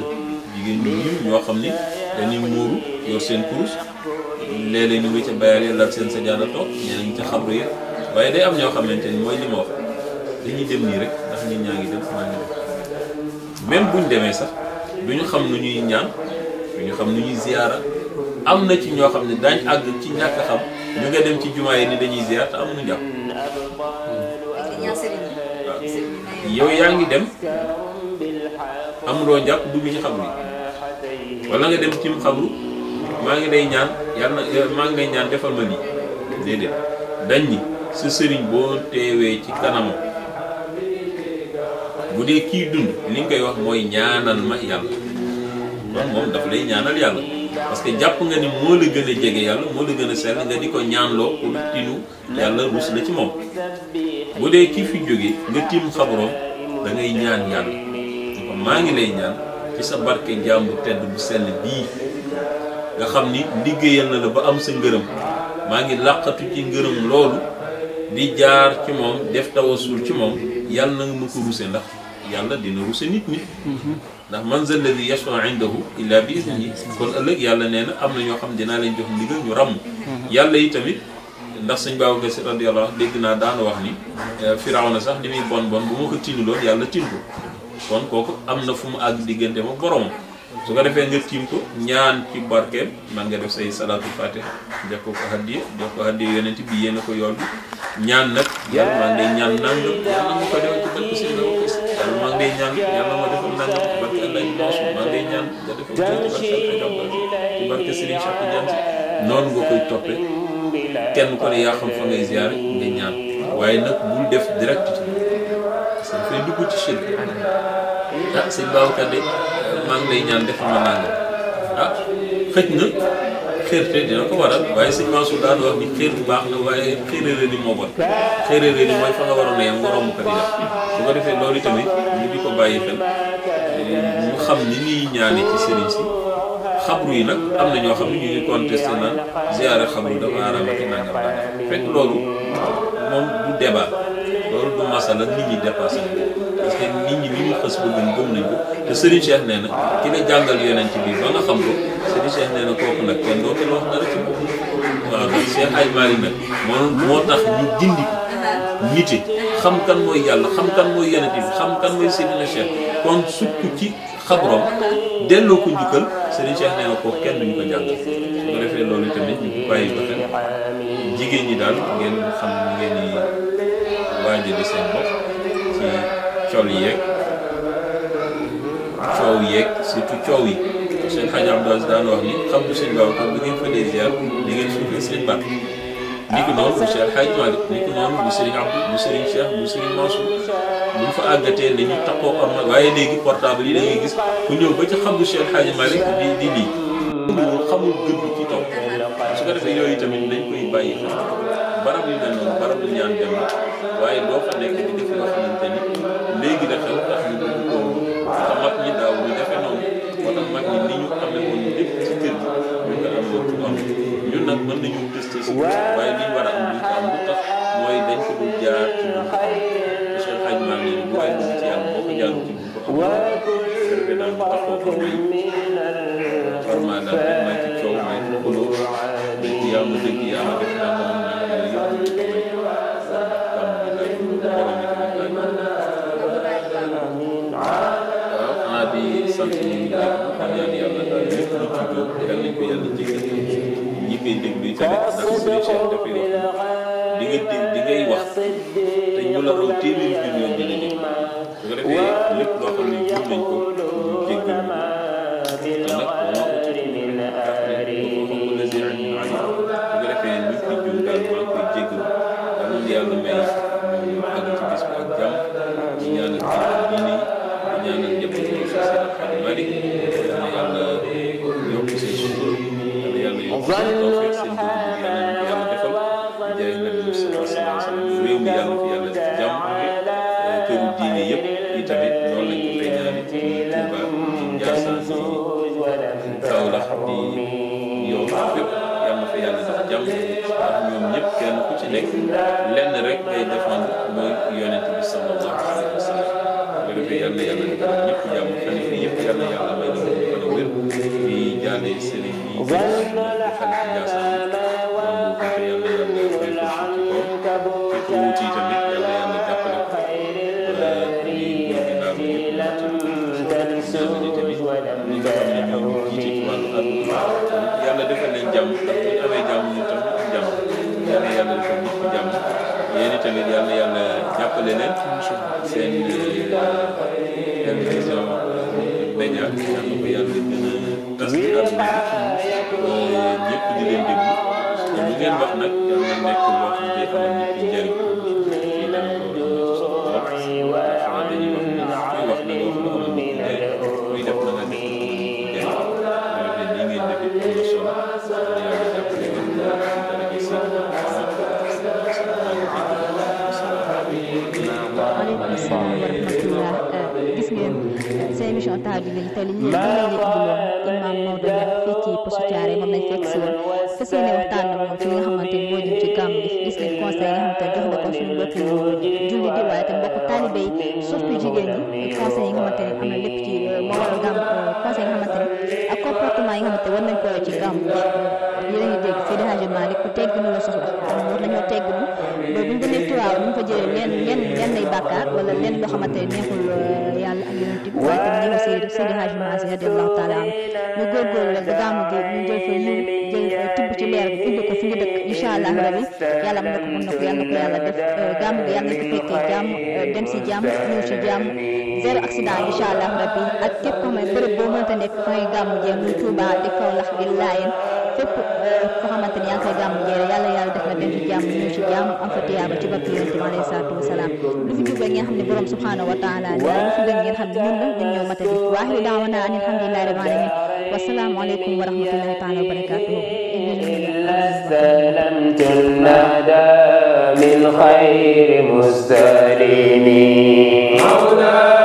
jigéen ñu ñëw ñoo xam ni dañuy muuru yor seen kurus léeg-léeg ñu ngi ca bayal yi lal seen sa jaada toog ñeneen ñi ca xabru ya waaye day am ñoo xamante ni mooy li ma dañuy dem nii rek ndax nit ñaa ngi dem maa ngi dem même buñ demee sax duñu xam nu ñuy ñaan duñu xam nu ñuy ziyaara am na ci ñoo xam ne daañ àgg ci ñàkk xam ñu nga dem ci jumaa yi ni dañuy ziar te yaa ngi dem amuloo njàpp dugg ci xabru yi wala nga dem ci xabru maa ngi day ñaan yàlla eh, maa ngi day ñaan defal ma lii déedéet dañ ni sa sëriñ boo teewee ci kanamam bu dee kii dund li nga koy wax mooy ñaanal ma yàlla kon moom daf lay ñaanal yàlla parce que jàpp nga ni moo la gën a jege yàlla moo la gën a sell nga di ko ñaanloo pour tinu yàlla rus la ci moom bu dee kii fi jóge nga tiim xabroom da ngay ñaan yàlla maa ngi lay ñaan ci sa barke jàmbu tedd bu sell bii nga xam ni liggéeyal na la ba am sa ngërëm maa ngi làqatu ci ngërëm loolu di jaar ci moom def tawasul ci moom yàlla na nga ko ruse ndax yàlla dina ruse nit nit ndax man zal ladhi yashfa indahu illa bi kon ëlëk yàlla nee na am na ñoo xam dinaa leen jox ndigal ñu ram yàlla yi tamit ndax sëñ baabu gasi radiallahu anhu dégg naa daan wax ni firawna sax li muy bon bon bu ma ko tiinuloon yàlla tin ko kon kooku am na fu mu àgg diggante ma borom su ko defee nga tiim ko ñaan ci barkeem man nga def say salatu fatih jox ko ko hadiya jox ko hadiya yonent bi yéen ko yool bi ñaan nag yàlla maa ngi lay ñaan nangam yàlla ma ko defal ci barke sëñ baabu gasi yàlla maa ngi lay ñaan yàlla ma defal nangam noonu nga koy toppe kenn ko ne yaa xam fa ngay ziyaare nga ñaan waaye nag bul def direct ci parce que dafay dugg ci shirk ah sëñ Babacar de maa ngi lay ñaan defal ma nangam ah xëj na xeerte dina ko waral waaye sëñ Mansour daan wax xeer bu baax la waaye xeerere ni moo bon xeerere ni mooy fa nga waroon a yem nga romb ko di su ko defee loolu tamit di ko bàyyi xel xam ni ñuy ñaane ci sëriñ si xabru yi nag am na ñoo xam ne ñu ngi contesté naan ziyaara xabru dafa araam ak nangam nangam fekk loolu moom du débat loolu du masala nit ñi dépassé parce que nit ñi li ñu xës ba gën gëm nañ ko te sëriñ Cheikh nee ki la jàngal yonent bi ba nga xam ko sëriñ Cheikh nee na kooku nag kenn dootul wax dara ci boppam waaw nag Cheikh Ay Mali moo tax ñu dindi nite xam kan mooy yàlla xam kan mooy yonent bi xam kan mooy Seydina Cheikh kon sukk ci xabroom delloo ko njukkal Serigne Cheikh nee na ko kenn duñu ko ko defee loolu tamit ñu bàyyi ko jigéen ñi daal ngeen xam ngeen ni waajale seen bopp ci col yeeg coow yeeg surtout coow yi seen xaj Abdoulaye daan wax ni xam nga seen gaaw ko bi ngeen fa dee ziar di ngeen suufee seen bàq. ni ko noonu bu Cheikh Hadj Malick ni ko noonu bu Serigne Abdou bu Serigne Cheikh bu ñu fa àggatee dañu taxoo orma waaye léegi portable yi da ngay gis ku ñëw ba ci xamu Cheikh El Hadji Malick di di lii. loolu xamul ko defee yooyu tamit dañ koy bàyyi xel barab yu mel noonu barab yu ñaan dem waaye doo fa nekk di def loo xamante ni léegi da xew ñu dugg ko te mag ñi daaw moo tax mag ni ñu amee ko amoon ci mën nañu tester waaye li ñu war a am duñ ko وكل فرد من الكفار عنه عالي صدق بالغيب صدق يقولون ما في الغار من آريه yàlla may ñu àgg ci bis bu ak jàmm di ñaanal ci diine di ñaanal ñëpp ci ci seen xel mari yàlla yàlla yokk seen sutura yàlla yàlla yokk seen tawfeex seen dund yàlla yàlla defal di jaay nabi Mustafa sallallahu alayhi wa sallam réew mi yàlla fi ñëpp kenn ku ci nekk lenn rek ngay défendre mooy yonent bi sallallahu alayhi wa sallam bu defee yàlla yàlla di ko ñëpp jàmm fan yii yëpp yàlla yàlla may na ko fan wér di jaale sëriñ yi di fan ci jaasaan moom bu defee yàlla yàlla fay ko suuf ci kaw te ko wuti tamit yàlla yàlla jàppale ko di di daal di ñëpp ñu tamit ñi nga xam ne ñoo jiite ci wàllu àdduna yàlla defal leen jàmm ndax bu ñu amee jàmm ñu tamit yàlla yàlla jàppale leen seen télévision Mbegnac yàlla ko yàlla gën a dinañ toll nii ñu gën a leen indiloon fii ci Poste Thiaroye moom lañ fekk si woon fas yéene waxtaan ak moom ci li nga xamante ci gàmm gi gis nañ conseil nga julli di waaye tam mbokk taalibe yi surtout jigéen ñi conseil yi nga xamante ne am na lépp ci euh, moo waral gàmm conseil yi nga xamante ne ak comportement yi nga xamante war nañ ko ci gàmm yéen a ngi dégg fii dégagé maa rek ku tegginu la soxla kon war nañoo tegginu ba bu ñu demee tuwaaw bu ñu fa jëlee leen leen leen lay bàkkaar wala leen loo xamante ne neexul euh, yàlla ak yonent bi waaye tam ñu ngi si si dégagé maa si radiyallahu taala am ñu góorgóorlu la ba gàmm gi ñu jël fa yiw tibb ci leer bi ubbi ko fi ñu dëkk incha allah rabi yàlla mën na ko mën na ko yàlla ko yàlla def gàmm euh, bi yàlla nañ ko fekkee jàmm euh, dem si jàmm ñëw si jàmm zéro accident incha allah rabi ak képp koo xam ne bërëb boo mënta nekk fooy gàmm jee muy Touba di Kaolack di Laayeen fépp koo euh, xamante ni yaa ngi koy gàmm jee yàlla yàlla def na dem si jàmm ñëw si jàmm am fa tiyaaba ci bakk yonent bi alayhi salaatu wasalaam lu fi dugal ngeen xam ne borom subhaanahu wa taala lu fi gën ngeen xam ne ñun la ñun ñoo matali waaxiru daawana an alhamdulillahi rabbil alamin wassalaamu aleykum wa rahmatullahi taala wa barakatuhu سلمت الندى من خير مستلمين